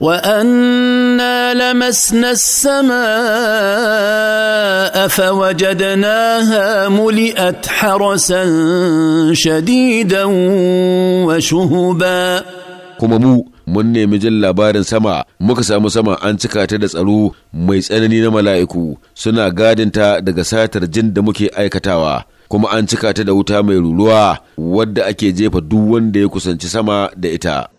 وانا لمسنا السماء فوجدناها ملئت حرسا شديدا وشهبا kuma mu mun nemi jin labarin sama muka samu sama an cika ta da tsaro mai tsanani na mala'iku suna gadinta daga satar jin da muke aikatawa kuma an cika ta da wuta mai ruruwa wadda ake jefa duk wanda ya kusanci sama da ita